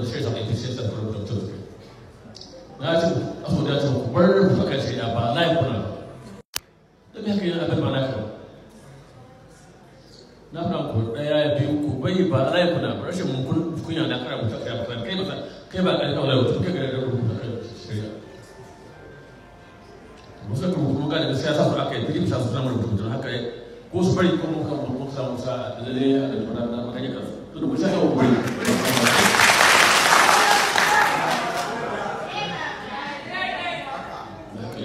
da suka samu efficiency da productivity na ce so da ce ku bar rufe aka ba na ba live kuna don haka yana abin ba na kawo na fara ku daya biyu ku bai ba live kuna ba rashin mun kunya na kara mutu kai ba kai ba kai ba kai ba kai ba kai ba musa kan rubutu ga daga siyasa su aka yi fiye bisa su zama rubutu don haka ko su bari ko mun kan rubutu samu sa lalle ya da na magana kan su to da mu sai ka bari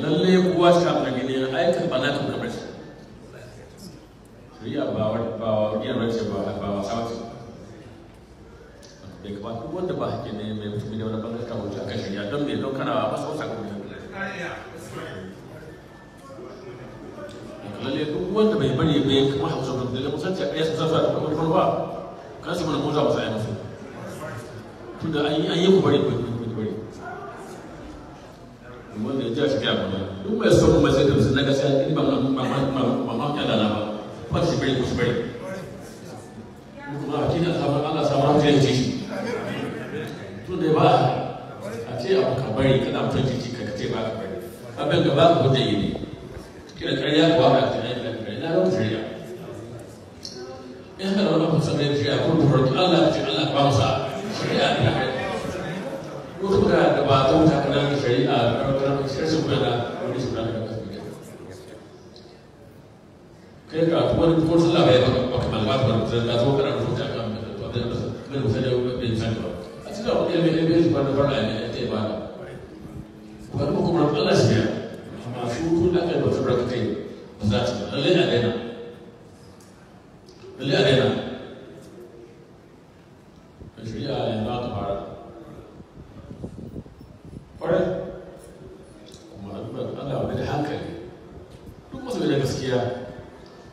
lalle kuwa shafa na tun kamar shi shirya ba ba ba wa bai duk wanda ba ne mai mutum ne wani bangar kan wuce akan shirya don mai ba lalle duk wanda bai bari bai kuma hausa ba da a yasa zafa kan su mana yi musu tunda an yi ku bari bai wanda ya ja shi abu mana duk mai son mai sai kamsin in ba ma ma ma ma ma ya dana ba ba shi bai shi bai kuma a cikin sabon Allah sabon ta yanke shi tun da ba a ce abu ka bari kana jiki ka ba ka bari abin da ba ka gudu yi ne kira ƙarya ba ka yi ƙarya na rufe shirya in kana wani kusa da da Allah ya ce Allah ba musa shirya ne ko da ba ta shari'a Later, after the course of the of Malvat, that's what I'm from Japan, but then the Muslim in Central. I said, Oh, it is one of our land, and they are. Well, who wrote Alas here? I'm a fool that I was a reputation. That's a little arena. A little arena. It's real and not hard. Pardon?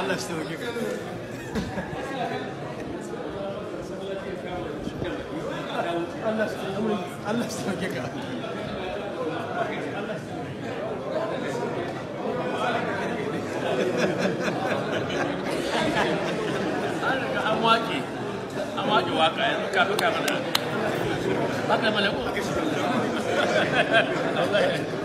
Allah shi sauke ka Allah an